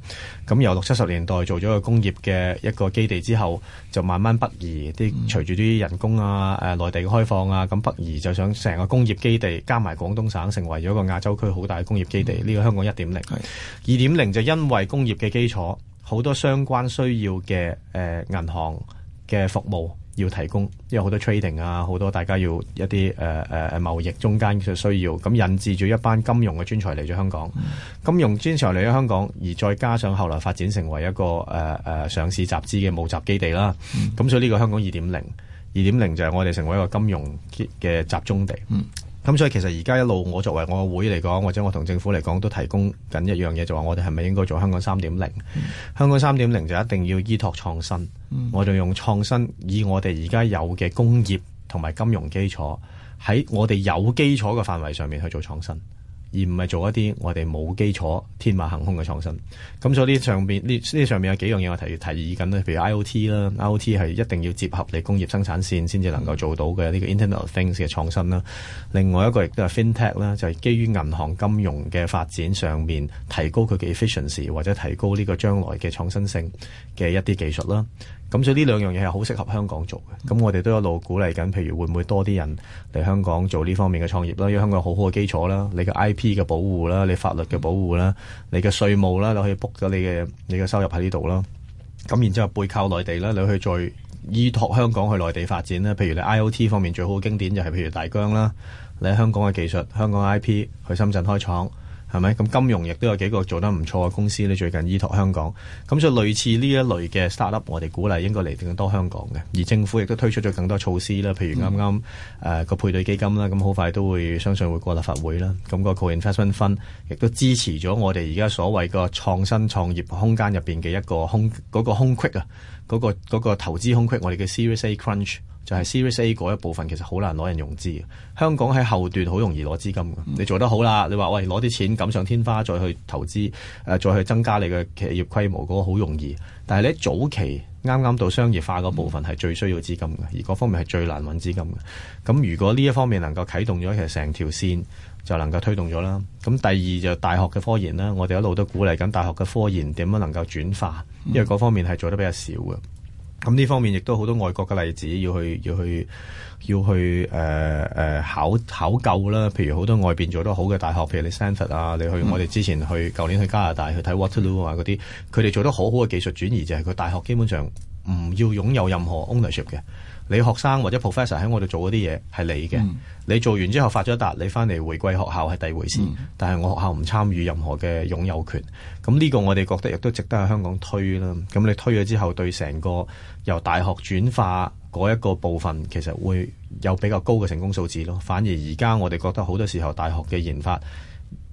咁由六七十年代做咗個工業嘅一個基地之後，就慢慢北移啲，隨住啲人工啊誒，內地嘅開放啊，咁北移就想成個工業基地加埋廣東省，成為咗一個亞洲區好大嘅工業基地。呢個香港一點零，二點零就因為工業嘅基礎。好多相關需要嘅誒，銀行嘅服務要提供，因為好多 trading 啊，好多大家要一啲誒誒誒貿易中間嘅需要，咁引致住一班金融嘅專才嚟咗香港。嗯、金融專才嚟咗香港，而再加上後來發展成為一個誒誒、呃呃、上市集資嘅募集基地啦。咁、嗯、所以呢個香港二點零，二點零就係我哋成為一個金融嘅集中地。嗯咁、嗯、所以其實而家一路我作為我個會嚟講，或者我同政府嚟講，都提供緊一樣嘢，就話、是、我哋係咪應該做香港三點零？香港三點零就一定要依託創新，嗯、我哋用創新以我哋而家有嘅工業同埋金融基礎，喺我哋有基礎嘅範圍上面去做創新。而唔係做一啲我哋冇基礎天馬行空嘅創新。咁所以呢上面呢呢上面有幾樣嘢我提提議緊啦，譬如 IOT 啦，IOT、嗯、係一定要結合你工業生產線先至能夠做到嘅呢個 Internet of Things 嘅創新啦。另外一個亦都係 FinTech 啦，就係、是、基於銀行金融嘅發展上面，提高佢嘅 efficiency 或者提高呢個將來嘅創新性嘅一啲技術啦。咁所以呢兩樣嘢係好適合香港做嘅。咁我哋都一路鼓勵緊，譬如會唔會多啲人嚟香港做呢方面嘅創業啦？因為香港有好好嘅基礎啦，你嘅 IP。你嘅保護啦，你法律嘅保護啦，你嘅稅務啦，你可以 book 咗你嘅你嘅收入喺呢度啦。咁然之後背靠內地啦，你去再依託香港去內地發展啦。譬如你 I O T 方面最好嘅經典就係譬如大疆啦，你喺香港嘅技術，香港 I P 去深圳開廠。係咪咁，金融亦都有幾個做得唔錯嘅公司咧？最近依託香港咁，所以類似呢一類嘅 startup，我哋鼓勵應該嚟更多香港嘅。而政府亦都推出咗更多措施啦，譬如啱啱誒個配對基金啦，咁好快都會相信會過立法會啦。咁、那個 c o n v e e n t i o n 分亦都支持咗我哋而家所謂個創新創業空間入邊嘅一個空嗰、那個空隙啊，嗰、那個嗰、那個投資空隙，我哋嘅 series A crunch。就係、是、Series A 嗰一部分其實好難攞人融資嘅。香港喺後段好容易攞資金嘅，你做得好啦，你話喂攞啲錢錦上添花，再去投資、呃，再去增加你嘅企業規模，嗰、那個好容易。但係你早期啱啱到商業化嗰部分係最需要資金嘅，而嗰方面係最難揾資金嘅。咁如果呢一方面能夠啟動咗，其實成條線就能夠推動咗啦。咁第二就大學嘅科研啦，我哋一路都鼓勵緊大學嘅科研點樣能夠轉化，因為嗰方面係做得比較少嘅。咁呢方面亦都好多外國嘅例子，要去要去要去誒、呃呃、考考究啦。譬如好多外邊做得好嘅大學，譬如你 Stanford 啊，你去、嗯、我哋之前去舊年去加拿大去睇 Waterloo 啊嗰啲，佢、嗯、哋做得好好嘅技術轉移，就係、是、佢大學基本上唔要擁有任何 ownership 嘅。你學生或者 professor 喺我度做嗰啲嘢係你嘅、嗯，你做完之後發咗一達，你翻嚟回歸學校係第二回事。嗯、但係我學校唔參與任何嘅擁有權，咁呢個我哋覺得亦都值得喺香港推啦。咁你推咗之後，對成個由大學轉化嗰一個部分，其實會有比較高嘅成功數字咯。反而而家我哋覺得好多時候大學嘅研發。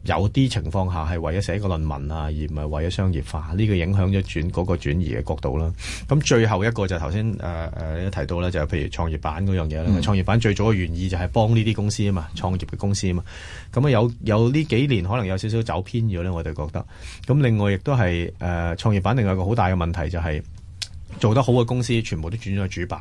有啲情況下係為咗寫個論文啊，而唔係為咗商業化，呢個影響咗轉嗰個轉移嘅角度啦。咁最後一個就頭先誒誒提到咧，就係譬如創業板嗰樣嘢啦。嗯、創業板最早嘅原意就係幫呢啲公司啊嘛，創業嘅公司啊嘛。咁啊，有有呢幾年可能有少少走偏咗咧，我哋覺得。咁另外亦都係誒創業板另外一個好大嘅問題就係。做得好嘅公司，全部都轉咗去主板，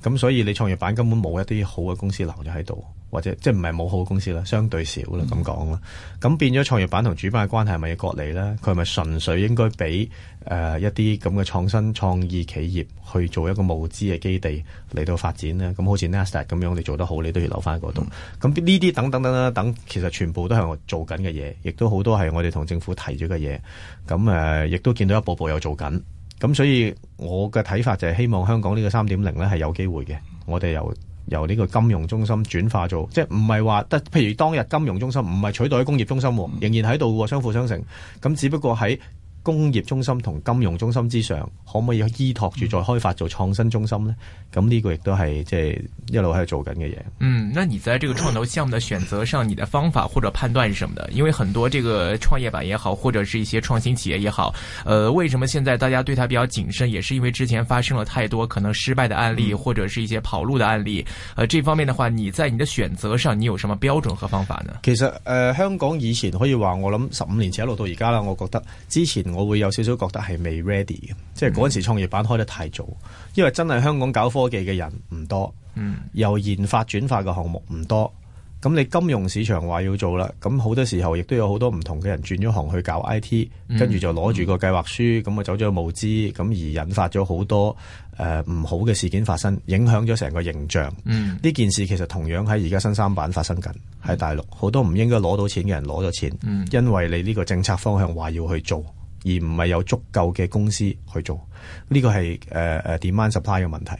咁、嗯、所以你創業板根本冇一啲好嘅公司留咗喺度，或者即係唔係冇好嘅公司啦，相對少啦咁講啦。咁、嗯、變咗創業板同主板嘅關係係咪要割離咧？佢係咪純粹應該俾誒、呃、一啲咁嘅創新創意企業去做一個募資嘅基地嚟到發展咧？咁好似 NASDAQ 咁樣，我哋做得好，你都要留翻喺嗰度。咁呢啲等等等等等，其實全部都係我做緊嘅嘢，亦都好多係我哋同政府提咗嘅嘢。咁亦都見到一步步有做緊。咁所以，我嘅睇法就係希望香港呢個三點零呢係有機會嘅，我哋由由呢個金融中心轉化做，即唔係話得，譬如當日金融中心唔係取代工業中心，仍然喺度喎，相輔相成。咁只不過喺工業中心同金融中心之上，可唔可以依託住再開發做創新中心呢？咁呢個亦都係即係一路喺度做緊嘅嘢。嗯，那你在這個創投項目的選擇上， 你的方法或者判斷是什麼的？因為很多這個創業板也好，或者是一些創新企業也好，呃，為什麼現在大家對它比較謹慎？也是因為之前發生了太多可能失敗的案例，或者是一些跑路的案例。呃，這方面的話，你在你的選擇上，你有什麼標準和方法呢？其實，呃，香港以前可以話，我諗十五年前一路到而家啦，我覺得之前。我會有少少覺得係未 ready 嘅，即係嗰陣時創業板開得太早，嗯、因為真係香港搞科技嘅人唔多，嗯，由研發轉化嘅項目唔多，咁你金融市場話要做啦，咁好多時候亦都有好多唔同嘅人轉咗行去搞 IT，跟、嗯、住就攞住個計劃書，咁、嗯、啊走咗個募資，咁而引發咗、呃、好多誒唔好嘅事件發生，影響咗成個形象。嗯，呢件事其實同樣喺而家新三板發生緊喺、嗯、大陸，好、嗯、多唔應該攞到錢嘅人攞咗錢、嗯，因為你呢個政策方向話要去做。而唔係有足夠嘅公司去做呢，這個係誒誒 demand supply 嘅問題，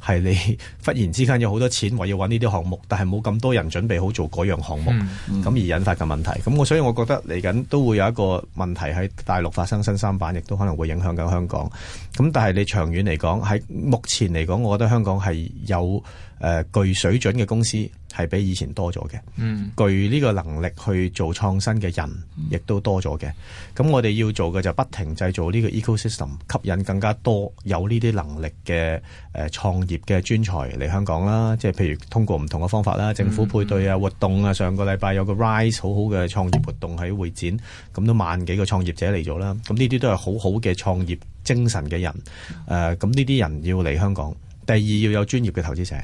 係你忽然之間有好多錢話要揾呢啲項目，但係冇咁多人準備好做嗰樣項目咁、嗯嗯、而引發嘅問題，咁我所以，我覺得嚟緊都會有一個問題，喺大陸發生新三板，亦都可能會影響緊香港。咁但係你長遠嚟講，喺目前嚟講，我覺得香港係有誒具、呃、水準嘅公司。係比以前多咗嘅，具、嗯、呢個能力去做創新嘅人，亦、嗯、都多咗嘅。咁我哋要做嘅就不停製造呢個 ecosystem，吸引更加多有呢啲能力嘅誒、呃、創業嘅專才嚟香港啦。即係譬如通過唔同嘅方法啦，嗯、政府配對啊、嗯，活動啊。上個禮拜有個 rise 好好嘅創業活動喺會展，咁都萬幾個創業者嚟咗啦。咁呢啲都係好好嘅創業精神嘅人。誒、呃，咁呢啲人要嚟香港。第二要有專業嘅投資者。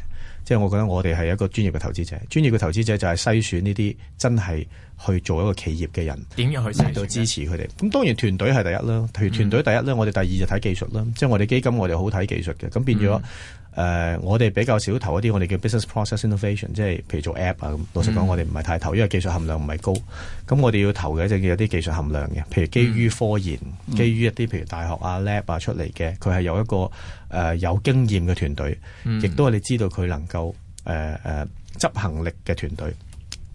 即係我覺得我哋係一個專業嘅投資者，專業嘅投資者就係篩選呢啲真係。去做一個企業嘅人，點樣去喺度支持佢哋？咁當然團隊係第一啦，譬如團隊第一咧、嗯，我哋第二就睇技術啦、嗯。即係我哋基金我哋、嗯呃，我哋好睇技術嘅。咁變咗，誒，我哋比較少投一啲我哋叫 business process innovation，即係譬如做 app 啊。老實講，我哋唔係太投、嗯，因為技術含量唔係高。咁我哋要投嘅就係有啲技術含量嘅，譬如基於科研、嗯、基於一啲譬如大學啊 lab 啊出嚟嘅，佢係有一個、呃、有經驗嘅團隊，亦、嗯、都係你知道佢能夠誒、呃、執行力嘅團隊。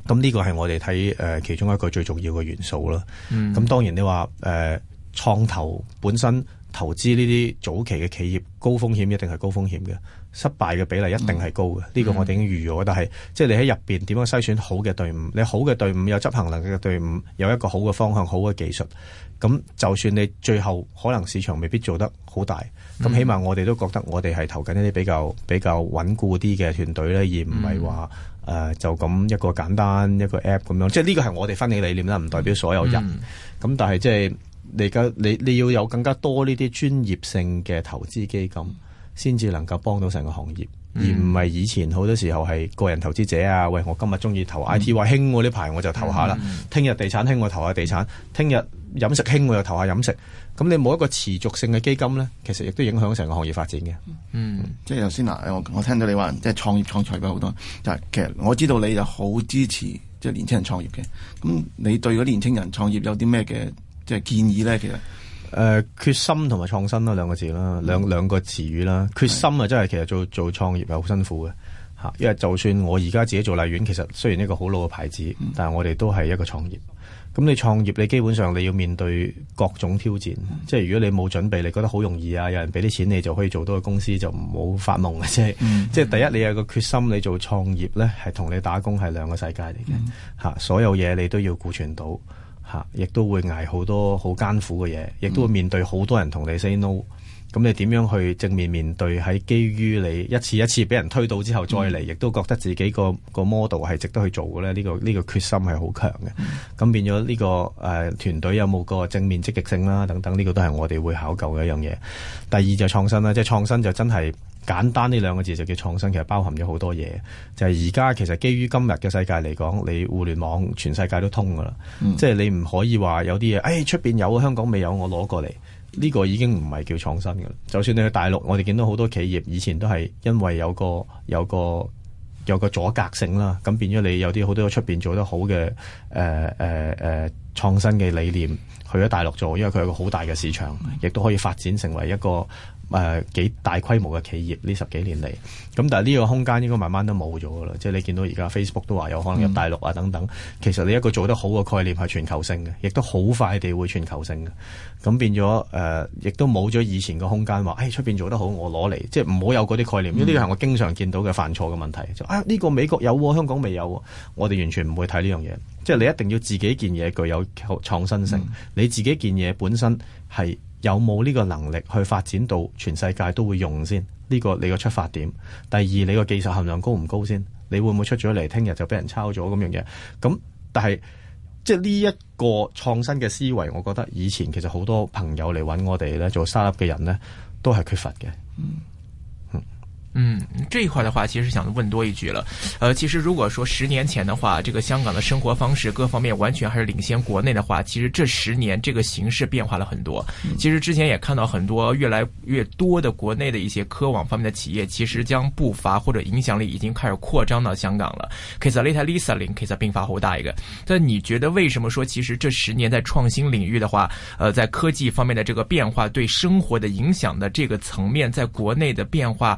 咁呢個係我哋睇誒其中一個最重要嘅元素啦。咁、嗯、當然你話誒，創、呃、投本身投資呢啲早期嘅企業，高風險一定係高風險嘅，失敗嘅比例一定係高嘅。呢、嗯這個我哋已經預咗、嗯。但係即係你喺入邊點樣篩選好嘅隊伍？你好嘅隊伍有執行能力嘅隊伍，有一個好嘅方向、好嘅技術。咁就算你最後可能市場未必做得好大，咁、嗯、起碼我哋都覺得我哋係投緊一啲比較比較穩固啲嘅團隊咧，而唔係話。嗯誒、uh, 就咁一個簡單一個 app 咁樣，嗯、即係呢個係我哋分享理念啦，唔代表所有人。咁、嗯、但係即係你而家你你要有更加多呢啲專業性嘅投資基金，先、嗯、至能夠幫到成個行業。而唔係以前好多時候係個人投資者啊，喂，我今日中意投 I T，話、嗯、興喎，呢排、啊、我就投下啦。聽、嗯、日、嗯、地產興，我投下地產；聽日飲食興，我又投下飲食。咁你冇一個持續性嘅基金咧，其實亦都影響成個行業發展嘅、嗯。嗯，即係頭先嗱，我我聽到你話即係創業創財嘅好多，就係其實我知道你就好支持即係年青人創業嘅。咁你對嗰啲年青人創業有啲咩嘅即係建議咧？其實？誒、呃，決心同埋創新啦，兩個字啦，兩、嗯、兩個詞語啦、嗯。決心啊，真係其實做做創業係好辛苦嘅吓。因為就算我而家自己做荔園，其實雖然一個好老嘅牌子，嗯、但係我哋都係一個創業。咁你創業，你基本上你要面對各種挑戰。嗯、即係如果你冇準備，你覺得好容易啊，有人俾啲錢你就可以做到個公司，就唔好發夢嘅、嗯、即係、嗯、第一，你有個決心，你做創業呢係同你打工係兩個世界嚟嘅吓。所有嘢你都要顧全到。吓，亦都會捱好多好艱苦嘅嘢，亦都會面對好多人同你 say no、嗯。咁你點樣去正面面對？喺基於你一次一次俾人推倒之後再，再、嗯、嚟，亦都覺得自己個個 model 係值得去做嘅咧。呢、這個呢、這個決心係好強嘅。咁變咗呢、這個誒團隊有冇個正面積極性啦、啊？等等，呢、這個都係我哋會考究嘅一樣嘢。第二就創新啦，即係創新就真係。簡單呢兩個字就叫創新，其實包含咗好多嘢。就係而家其實基於今日嘅世界嚟講，你互聯網全世界都通噶啦，即、嗯、係、就是、你唔可以話有啲嘢，誒、哎、出面有香港未有，我攞過嚟呢、這個已經唔係叫創新噶啦。就算你去大陸，我哋見到好多企業以前都係因為有個有個有個，有個阻隔性啦，咁變咗你有啲好多出面做得好嘅誒誒誒創新嘅理念去咗大陸做，因為佢有個好大嘅市場，亦都可以發展成為一個。誒、呃、幾大規模嘅企業呢十幾年嚟，咁但係呢個空間應該慢慢都冇咗噶啦。即、就、係、是、你見到而家 Facebook 都話有可能入大陸啊等等、嗯，其實你一個做得好嘅概念係全球性嘅，亦都好快地會全球性嘅。咁變咗誒，亦、呃、都冇咗以前個空間話，誒、哎、出面做得好我攞嚟，即係唔好有嗰啲概念。呢個係我經常見到嘅犯錯嘅問題。就啊呢、呢個美國有、啊，香港未有、啊，我哋完全唔會睇呢樣嘢。即、就、係、是、你一定要自己件嘢具有創新性，嗯、你自己件嘢本身係。有冇呢個能力去發展到全世界都會用先？呢個你個出發點。第二，你個技術含量高唔高先？你會唔會出咗嚟，聽日就俾人抄咗咁樣嘢？咁但係即係呢一個創新嘅思維，我覺得以前其實好多朋友嚟揾我哋咧做 startup 嘅人呢，都係缺乏嘅。嗯嗯，這一塊的話，其實想問多一句了。呃，其實如果說十年前的話，這個香港的生活方式各方面完全還是領先國內的話，其實這十年這個形勢變化了很多。嗯。其實之前也看到很多越來越多的國內的一些科網方面的企業，其實將步伐或者影響力已經開始擴張到香港了。k i s a l e t a Lisa 零 Kisal 并發后大一個。但你覺得為什麼說其實這十年在創新領域的話，呃，在科技方面的這個變化對生活的影響的這個層面，在國內的變化？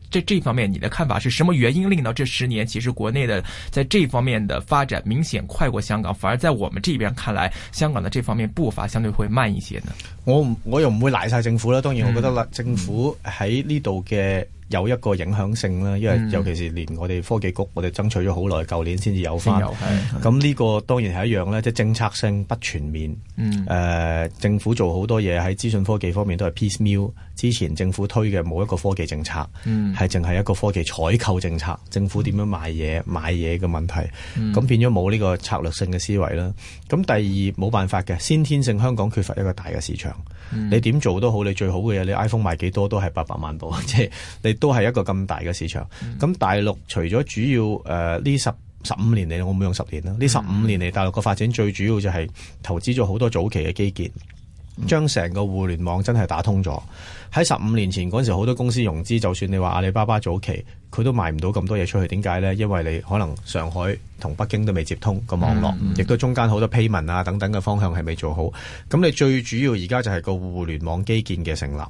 這這方面你的看法是什麼原因令到這十年其實國內的在這方面的發展明顯快過香港，反而在我們這邊看來，香港的這方面步伐相對會慢一些呢？我我又唔會賴晒政府啦，當然我覺得啦，嗯，政府喺呢度嘅。有一個影響性啦，因為尤其是連我哋科技局，我哋爭取咗好耐，舊年先至有返。咁呢個當然係一樣咧，即係政策性不全面。誒、嗯呃，政府做好多嘢喺資訊科技方面都係 piece meal。之前政府推嘅冇一個科技政策，係淨係一個科技採購政策。政府點樣買嘢、買嘢嘅問題，咁、嗯、變咗冇呢個策略性嘅思維啦。咁第二冇辦法嘅先天性香港缺乏一個大嘅市場。你點做都好，你最好嘅嘢，你 iPhone 賣幾多都係八百萬部，即係你都係一個咁大嘅市場。咁、嗯、大陸除咗主要誒呢、呃、十十五年嚟，我唔用十年啦。呢十五年嚟，大陸個發展最主要就係投資咗好多早期嘅基建，將成個互聯網真係打通咗。喺十五年前嗰陣時，好多公司融資，就算你話阿里巴巴早期，佢都賣唔到咁多嘢出去。點解呢？因為你可能上海同北京都未接通、個網絡，亦、mm-hmm. 都中間好多批文啊等等嘅方向係未做好。咁你最主要而家就係個互聯網基建嘅成立，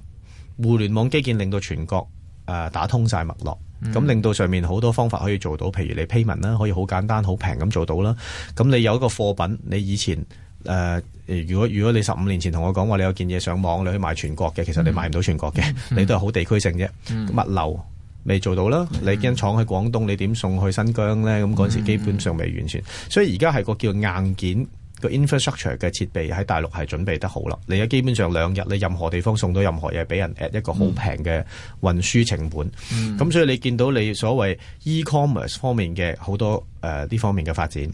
互聯網基建令到全國誒、呃、打通晒脈絡，咁、mm-hmm. 令到上面好多方法可以做到，譬如你批文啦，可以好簡單好平咁做到啦。咁你有一個貨品，你以前。誒、呃，如果如果你十五年前同我講話，你有件嘢上網，你去買全國嘅，其實你買唔到全國嘅，mm-hmm. 你都係好地區性啫。Mm-hmm. 物流未做到啦，mm-hmm. 你間廠喺廣東，你點送去新疆咧？咁嗰時基本上未完全，mm-hmm. 所以而家係個叫硬件個 infrastructure 嘅設備喺大陸係準備得好啦。你而家基本上兩日，你任何地方送到任何嘢俾人，誒一個好平嘅運輸成本。咁、mm-hmm. 所以你見到你所謂 e-commerce 方面嘅好多誒呢、呃、方面嘅發展。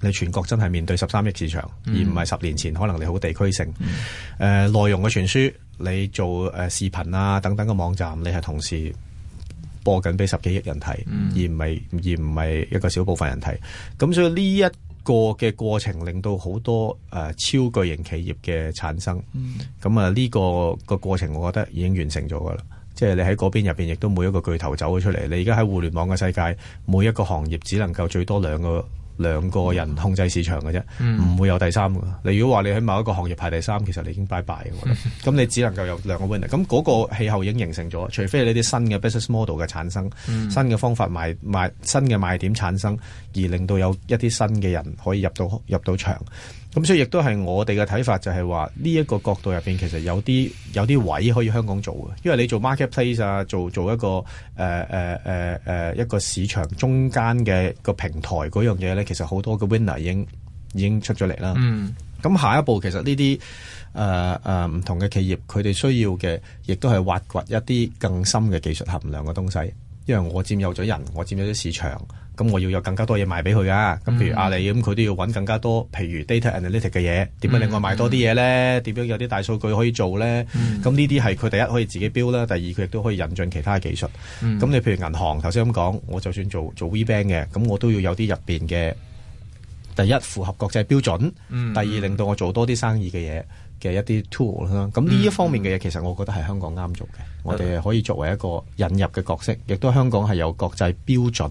你全國真係面對十三億市場，嗯、而唔係十年前可能你好地區性。誒、嗯呃、內容嘅傳輸，你做誒、呃、視頻啊等等嘅網站，你係同時播緊俾十幾億人睇、嗯，而唔係而唔係一個小部分人睇。咁所以呢一個嘅過程，令到好多、呃、超巨型企業嘅產生。咁、嗯、啊，呢、這個、這個過程，我覺得已經完成咗噶啦。即、就、係、是、你喺嗰邊入面亦都每一個巨頭走咗出嚟。你而家喺互聯網嘅世界，每一個行業只能夠最多兩個。兩個人控制市場嘅啫，唔、嗯、會有第三嘅。你如果話你喺某一個行業排第三，其實你已經拜拜，我覺得，咁 你只能夠有兩個 winner。咁嗰個氣候已經形成咗，除非你啲新嘅 business model 嘅產生，嗯、新嘅方法賣賣，新嘅賣點產生，而令到有一啲新嘅人可以入到入到場。咁所以亦都係我哋嘅睇法，就係話呢一個角度入邊，其實有啲有啲位可以香港做嘅，因為你做 marketplace 啊，做做一個誒誒誒誒一個市場中間嘅個平台嗰樣嘢咧，其實好多嘅 winner 已經已經出咗嚟啦。嗯。咁下一步其實呢啲誒誒唔同嘅企業，佢哋需要嘅，亦都係挖掘一啲更深嘅技術含量嘅東西。因為我佔有咗人，我佔有咗市場，咁我要有更加多嘢賣俾佢啊！咁譬如阿里咁，佢、嗯、都要揾更加多，譬如 Data Analytics 嘅嘢，點樣令我賣多啲嘢咧？點、嗯嗯、樣有啲大數據可以做咧？咁呢啲係佢第一可以自己 build 啦，第二佢亦都可以引進其他技術。咁、嗯、你譬如銀行，頭先咁講，我就算做做 WeBank 嘅，咁我都要有啲入邊嘅第一符合國際標準，嗯、第二令到我做多啲生意嘅嘢嘅一啲 tool 啦，咁呢一方面嘅嘢，其實我覺得係香港啱做嘅、嗯，我哋可以作為一個引入嘅角色，亦都香港係有國際標準。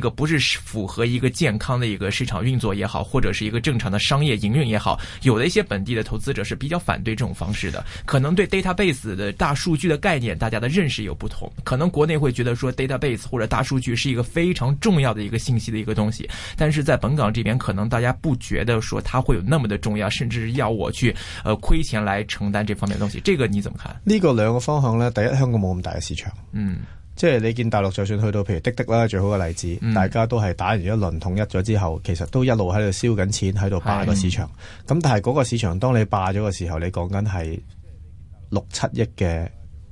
這個不是符合一個健康的一個市場運作也好，或者是一個正常的商業營運也好，有的一些本地的投資者是比較反對這種方式的。可能對 database 的大數據的概念，大家的認識有不同。可能國內會覺得說 database 或者大數據是一個非常重要的一個信息的一個東西，但是在本港這邊，可能大家不覺得說它會有那麼的重要，甚至是要我去呃虧錢來承擔這方面的東西。這個你怎麼看？這個兩個方向呢，第一香港冇咁大嘅市場，嗯。即係你見大陸就算去到譬如滴滴啦，最好嘅例子，嗯，大家都係打完一輪統一咗之後，其實都一路喺度燒緊錢喺度霸個市場。咁但係嗰個市場，當你霸咗嘅時候，你講緊係六七億嘅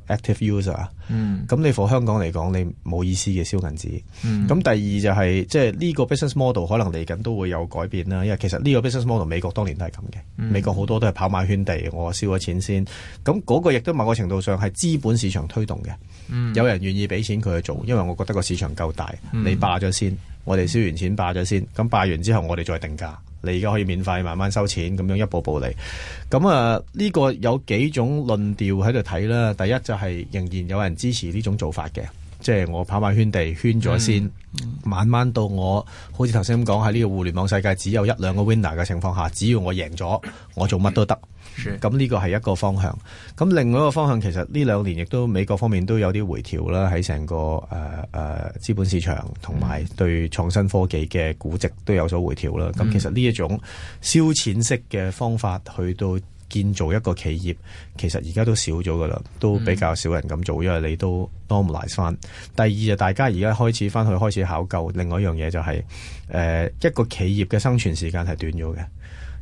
active user，咁、嗯、你放香港嚟講，你冇意思嘅燒銀紙。咁、嗯、第二就係即係呢個 business model 可能嚟緊都會有改變啦。因為其實呢個 business model 美國當年都係咁嘅，美國好多都係跑馬圈地，我燒咗錢先。咁嗰個亦都某個程度上係資本市場推動嘅、嗯，有人願意俾錢佢去做，因為我覺得個市場夠大，你霸咗先，我哋燒完錢霸咗先，咁霸完之後我哋再定價。你而家可以免費慢慢收錢，咁樣一步步嚟。咁啊，呢個有幾種論調喺度睇啦。第一就係仍然有人支持呢種做法嘅，即係我跑馬圈地圈咗先、嗯，慢慢到我好似頭先咁講，喺呢個互聯網世界只有一兩個 winner 嘅情況下，只要我贏咗，我做乜都得。咁呢個係一個方向，咁另外一個方向其實呢兩年亦都美國方面都有啲回調啦，喺成個誒誒、呃、資本市場同埋對創新科技嘅估值都有所回調啦。咁、嗯、其實呢一種燒錢式嘅方法去到建造一個企業，其實而家都少咗噶啦，都比較少人咁做，因為你都多唔嚟翻。第二就大家而家開始翻去開始考究，另外一樣嘢就係、是、誒、呃、一個企業嘅生存時間係短咗嘅。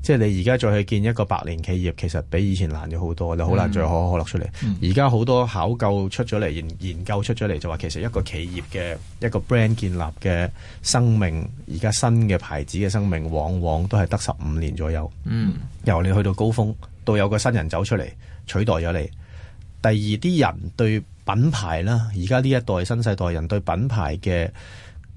即係你而家再去建一個百年企業，其實比以前難咗好多，你好難再可可樂出嚟。而家好多考究出咗嚟，研研究出咗嚟，就話其實一個企業嘅一個 brand 建立嘅生命，而家新嘅牌子嘅生命，往往都係得十五年左右。嗯，由你去到高峰，到有個新人走出嚟取代咗你。第二啲人對品牌啦，而家呢一代新世代人對品牌嘅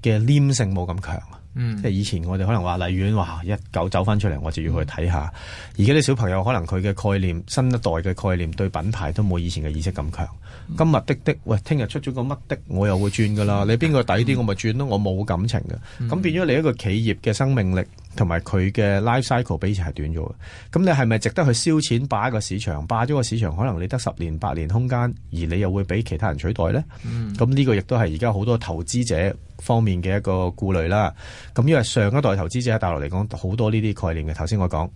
嘅黏性冇咁強。嗯、即係以前我哋可能話荔園，哇，一九走翻出嚟，我就要去睇下。嗯、而家啲小朋友可能佢嘅概念？新一代嘅概念，對品牌都冇以前嘅意識咁強，嗯。今日的的，喂，聽日出咗個乜的，我又會轉噶啦。你邊個抵啲，我咪轉咯。我冇感情嘅，咁、嗯、變咗你一個企業嘅生命力同埋佢嘅 life cycle 比以前係短咗。咁你係咪值得去燒錢霸一個市場？霸咗個市場，可能你得十年八年空間，而你又會俾其他人取代咧？咁、嗯、呢個亦都係而家好多投資者。方面嘅一個顧慮啦，咁因為上一代投資者喺大陸嚟講好多呢啲概念嘅，頭先我講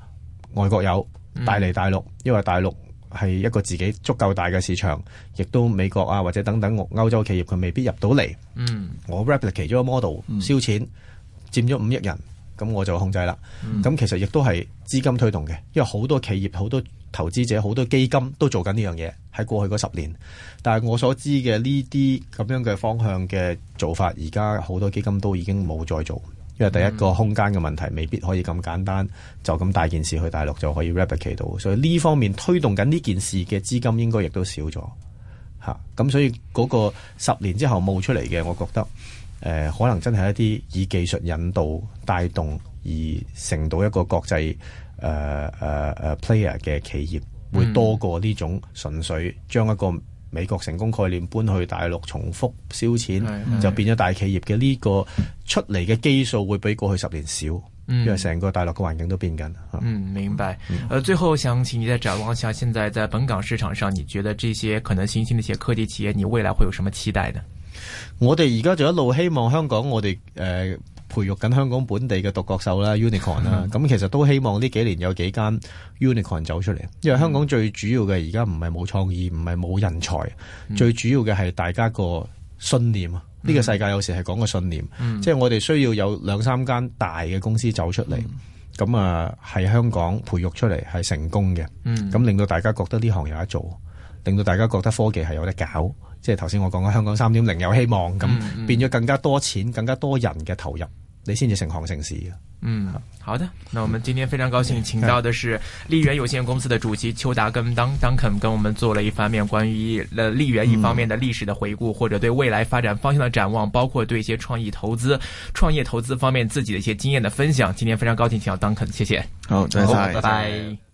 外國有帶嚟大陸，因為大陸係一個自己足夠大嘅市場，亦都美國啊，或者等等歐洲企業佢未必入到嚟。嗯，我 replicate 咗 model、嗯、燒錢，佔咗五億人，咁我就控制啦。咁、嗯、其實亦都係資金推動嘅，因為好多企業好多。投資者好多基金都做緊呢樣嘢喺過去嗰十年，但係我所知嘅呢啲咁樣嘅方向嘅做法，而家好多基金都已經冇再做，因為第一個空間嘅問題未必可以咁簡單，就咁大件事去大陸就可以 replicate 到，所以呢方面推動緊呢件事嘅資金應該亦都少咗吓，咁所以嗰個十年之後冒出嚟嘅，我覺得，呃，可能真係一啲以技術引導帶動而成到一個國際。誒誒誒，player 嘅企業會多過呢種純粹將、嗯、一個美國成功概念搬去大陸重複燒錢，就變咗大企業嘅呢個出嚟嘅基數會比過去十年少，嗯、因為成個大陸嘅環境都變緊、嗯。嗯，明白。誒、呃，最後想請你再展望下，現在在本港市場上，你覺得這些可能新興嘅一些科技企業，你未來會有什麼期待呢？我哋而家就一路希望香港我，我哋誒。培育緊香港本地嘅獨角獸啦，unicorn 啦，咁其實都希望呢幾年有幾間 unicorn 走出嚟，因為香港最主要嘅而家唔係冇創意，唔係冇人才，最主要嘅係大家個信念啊！呢個世界有時係講個信念，即係我哋需要有兩三間大嘅公司走出嚟，咁啊喺香港培育出嚟係成功嘅，咁令到大家覺得呢行有得做，令到大家覺得科技係有得搞。即係頭先我講嘅香港三點零有希望，咁變咗更加多錢、嗯、更加多人嘅投入，你先至成行成市嘅。嗯，好的。那我們今天非常高興，請到的是荔園有限公司的主席邱達根 Duncan 咁，跟我們做了一方面關於荔園一方面的歷史的回顧、嗯，或者對未來發展方向的展望，包括對一些創意投資、創業投資方面自己的一些經驗的分享。今天非常高興，請到 Duncan，謝謝。好，再見，拜拜，拜，拜。